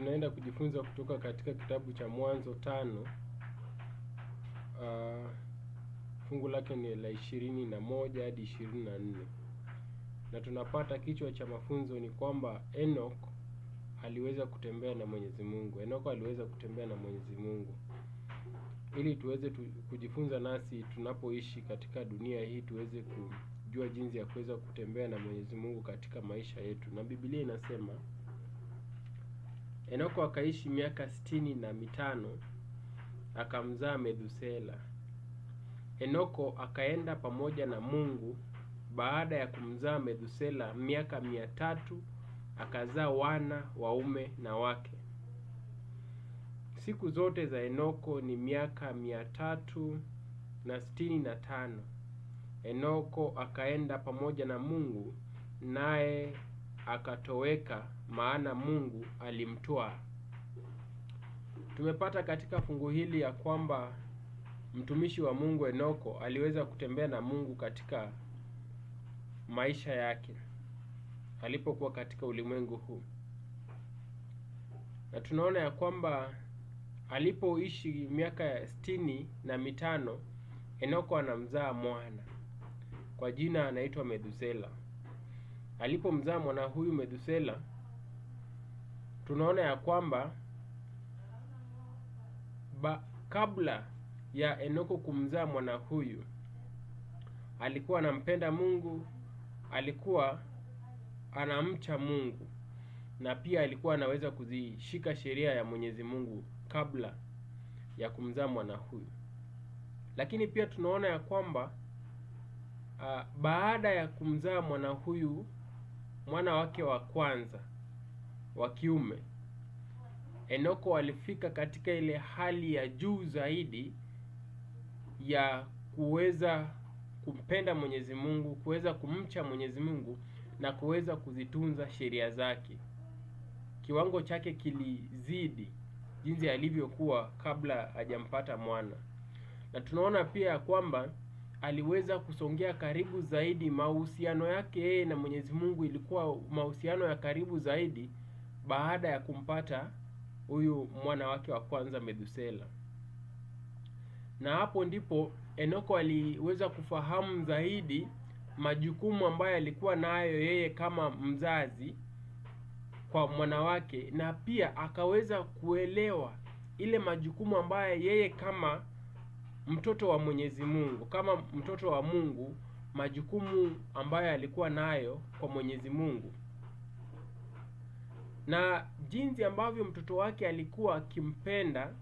tunaenda kujifunza kutoka katika kitabu cha Mwanzo tano uh, fungu lake ni la ishirini na moja hadi ishirini na nne na tunapata kichwa cha mafunzo ni kwamba Enoch aliweza kutembea na Mwenyezi Mungu. aliweza kutembea na Mwenyezi Mungu ili tuweze tu, kujifunza nasi tunapoishi katika dunia hii tuweze kujua jinsi ya kuweza kutembea na Mwenyezi Mungu katika maisha yetu, na Biblia inasema Enoko akaishi miaka sitini na mitano akamzaa Methusela. Enoko akaenda pamoja na Mungu. Baada ya kumzaa Methusela miaka mia tatu akazaa wana waume na wake. Siku zote za Enoko ni miaka mia tatu na sitini na tano. Enoko akaenda pamoja na Mungu, naye akatoweka maana Mungu alimtwaa. Tumepata katika fungu hili ya kwamba mtumishi wa Mungu Enoko aliweza kutembea na Mungu katika maisha yake alipokuwa katika ulimwengu huu, na tunaona ya kwamba alipoishi miaka ya sitini na mitano Enoko anamzaa mwana kwa jina anaitwa Methusela. Alipomzaa mwana huyu Methusela tunaona ya kwamba kabla ya Enoko kumzaa mwana huyu, alikuwa anampenda Mungu, alikuwa anamcha Mungu na pia alikuwa anaweza kuzishika sheria ya Mwenyezi Mungu kabla ya kumzaa mwana huyu. Lakini pia tunaona ya kwamba ah, baada ya kumzaa mwana huyu mwana wake wa kwanza wa kiume. Enoko alifika katika ile hali ya juu zaidi ya kuweza kumpenda Mwenyezi Mungu, kuweza kumcha Mwenyezi Mungu na kuweza kuzitunza sheria zake. Kiwango chake kilizidi jinsi alivyokuwa kabla hajampata mwana, na tunaona pia ya kwamba aliweza kusongea karibu zaidi. Mahusiano yake yeye na Mwenyezi Mungu ilikuwa mahusiano ya karibu zaidi baada ya kumpata huyu mwana wake wa kwanza Methusela. Na hapo ndipo Enoko aliweza kufahamu zaidi majukumu ambayo alikuwa nayo yeye kama mzazi kwa mwanawake, na pia akaweza kuelewa ile majukumu ambayo yeye kama mtoto wa Mwenyezi Mungu, kama mtoto wa Mungu, majukumu ambayo alikuwa nayo kwa Mwenyezi Mungu na jinsi ambavyo mtoto wake alikuwa akimpenda,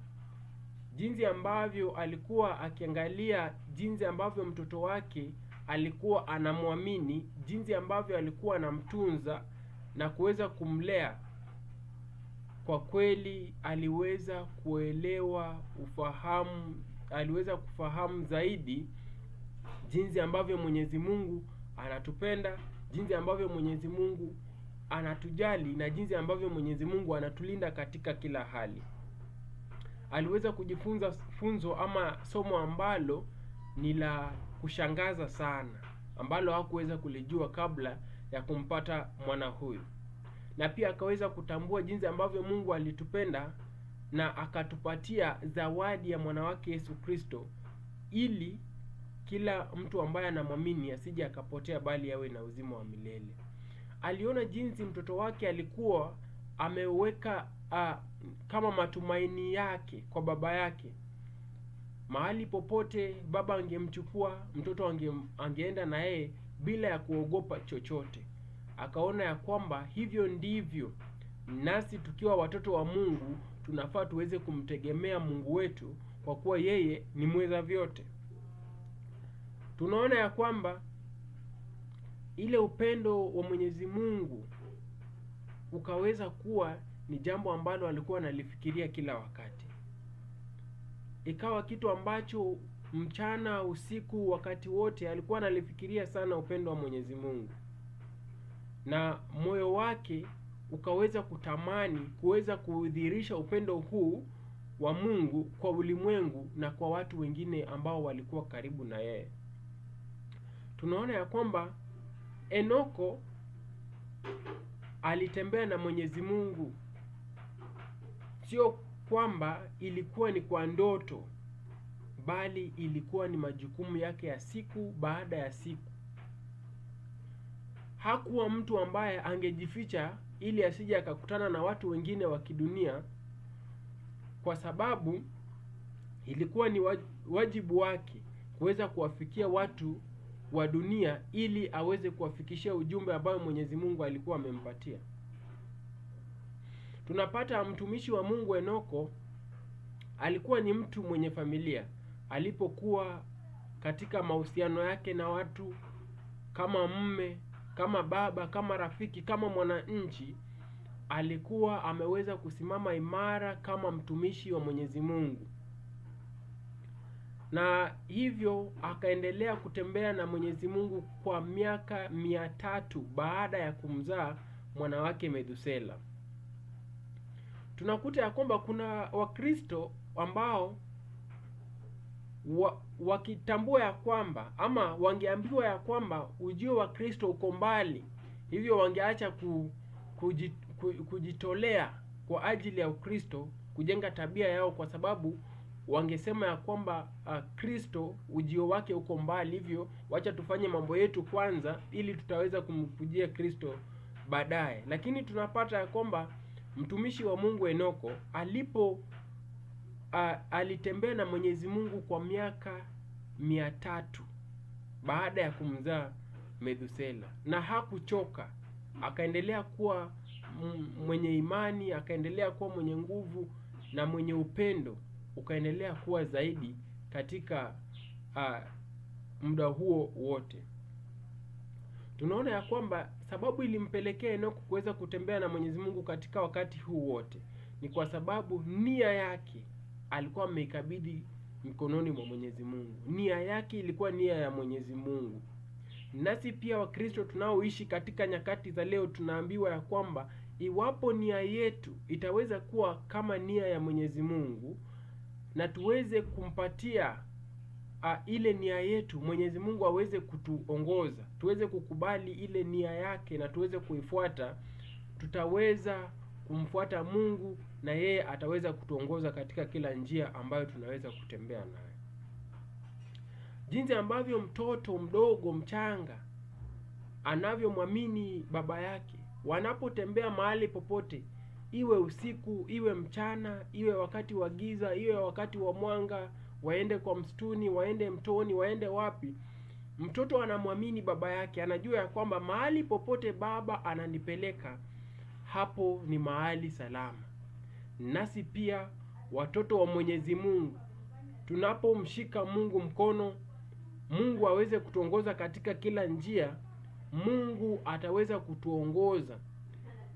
jinsi ambavyo alikuwa akiangalia jinsi ambavyo mtoto wake alikuwa anamwamini, jinsi ambavyo alikuwa anamtunza na kuweza kumlea. Kwa kweli aliweza kuelewa ufahamu, aliweza kufahamu zaidi jinsi ambavyo Mwenyezi Mungu anatupenda, jinsi ambavyo Mwenyezi Mungu anatujali na jinsi ambavyo Mwenyezi Mungu anatulinda katika kila hali. Aliweza kujifunza funzo ama somo ambalo ni la kushangaza sana ambalo hakuweza kulijua kabla ya kumpata mwana huyu, na pia akaweza kutambua jinsi ambavyo Mungu alitupenda na akatupatia zawadi ya mwana wake Yesu Kristo, ili kila mtu ambaye anamwamini asije akapotea, bali awe na uzima wa milele aliona jinsi mtoto wake alikuwa ameweka uh, kama matumaini yake kwa baba yake. Mahali popote baba angemchukua mtoto ange, angeenda na yeye bila ya kuogopa chochote. Akaona ya kwamba hivyo ndivyo nasi tukiwa watoto wa Mungu tunafaa tuweze kumtegemea Mungu wetu kwa kuwa yeye ni mweza vyote. Tunaona ya kwamba ile upendo wa Mwenyezi Mungu ukaweza kuwa ni jambo ambalo alikuwa analifikiria kila wakati. Ikawa kitu ambacho mchana, usiku, wakati wote alikuwa analifikiria sana upendo wa Mwenyezi Mungu, na moyo wake ukaweza kutamani kuweza kudhihirisha upendo huu wa Mungu kwa ulimwengu na kwa watu wengine ambao walikuwa karibu na yeye. Tunaona ya kwamba Enoko alitembea na Mwenyezi Mungu, sio kwamba ilikuwa ni kwa ndoto, bali ilikuwa ni majukumu yake ya siku baada ya siku. Hakuwa mtu ambaye angejificha ili asije akakutana na watu wengine wa kidunia, kwa sababu ilikuwa ni wajibu wake kuweza kuwafikia watu wa dunia ili aweze kuwafikishia ujumbe ambao Mwenyezi Mungu alikuwa amempatia. Tunapata mtumishi wa Mungu Enoko alikuwa ni mtu mwenye familia. Alipokuwa katika mahusiano yake na watu kama mme, kama baba, kama rafiki, kama mwananchi, alikuwa ameweza kusimama imara kama mtumishi wa Mwenyezi Mungu na hivyo akaendelea kutembea na Mwenyezi Mungu kwa miaka mia tatu baada ya kumzaa mwanawake Methusela. Tunakuta ya kwamba kuna Wakristo ambao wa, wakitambua ya kwamba ama wangeambiwa ya kwamba ujio wa Kristo uko mbali, hivyo wangeacha ku, kujitolea kwa ajili ya Ukristo kujenga tabia yao kwa sababu wangesema ya kwamba ah, Kristo ujio wake uko mbali, hivyo wacha tufanye mambo yetu kwanza ili tutaweza kumkujia Kristo baadaye. Lakini tunapata ya kwamba mtumishi wa Mungu Enoko alipo uh, alitembea na Mwenyezi Mungu kwa miaka mia tatu baada ya kumzaa Methusela na hakuchoka, akaendelea kuwa mwenye imani, akaendelea kuwa mwenye nguvu na mwenye upendo ukaendelea kuwa zaidi katika uh, muda huo wote. Tunaona ya kwamba sababu ilimpelekea Enoki kuweza kutembea na Mwenyezi Mungu katika wakati huu wote ni kwa sababu nia yake alikuwa ameikabidhi mikononi mwa Mwenyezi Mungu. Nia yake ilikuwa nia ya Mwenyezi Mungu. Nasi pia Wakristo tunaoishi katika nyakati za leo tunaambiwa ya kwamba iwapo nia yetu itaweza kuwa kama nia ya Mwenyezi Mungu, na tuweze kumpatia a, ah, ile nia yetu, Mwenyezi Mungu aweze kutuongoza, tuweze kukubali ile nia yake na tuweze kuifuata, tutaweza kumfuata Mungu na yeye ataweza kutuongoza katika kila njia ambayo tunaweza kutembea nayo. Jinsi ambavyo mtoto mdogo mchanga anavyomwamini baba yake wanapotembea mahali popote iwe usiku, iwe mchana, iwe wakati wa giza, iwe wakati wa mwanga, waende kwa msituni, waende mtoni, waende wapi, mtoto anamwamini baba yake, anajua ya kwamba mahali popote baba ananipeleka hapo ni mahali salama. Nasi pia watoto wa Mwenyezi Mungu tunapomshika Mungu mkono, Mungu aweze kutuongoza katika kila njia, Mungu ataweza kutuongoza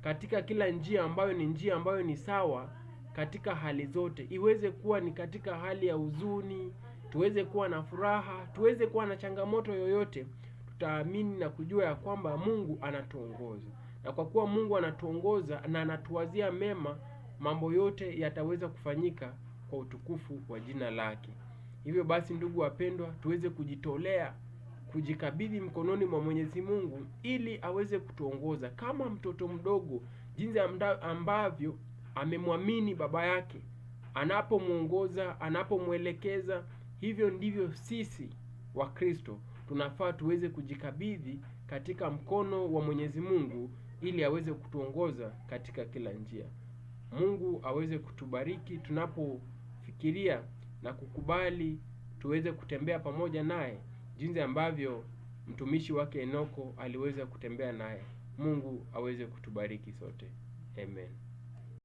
katika kila njia ambayo ni njia ambayo ni sawa katika hali zote. Iweze kuwa ni katika hali ya huzuni, tuweze kuwa na furaha, tuweze kuwa na changamoto yoyote, tutaamini na kujua ya kwamba Mungu anatuongoza. Na kwa kuwa Mungu anatuongoza na anatuwazia mema, mambo yote yataweza kufanyika kwa utukufu wa jina lake. Hivyo basi, ndugu wapendwa, tuweze kujitolea kujikabidhi mkononi mwa Mwenyezi Mungu ili aweze kutuongoza kama mtoto mdogo, jinsi ambavyo amemwamini baba yake, anapomwongoza, anapomwelekeza, hivyo ndivyo sisi Wakristo tunafaa tuweze kujikabidhi katika mkono wa Mwenyezi Mungu ili aweze kutuongoza katika kila njia. Mungu aweze kutubariki tunapofikiria na kukubali tuweze kutembea pamoja naye jinsi ambavyo mtumishi wake Enoko aliweza kutembea naye. Mungu aweze kutubariki sote. Amen.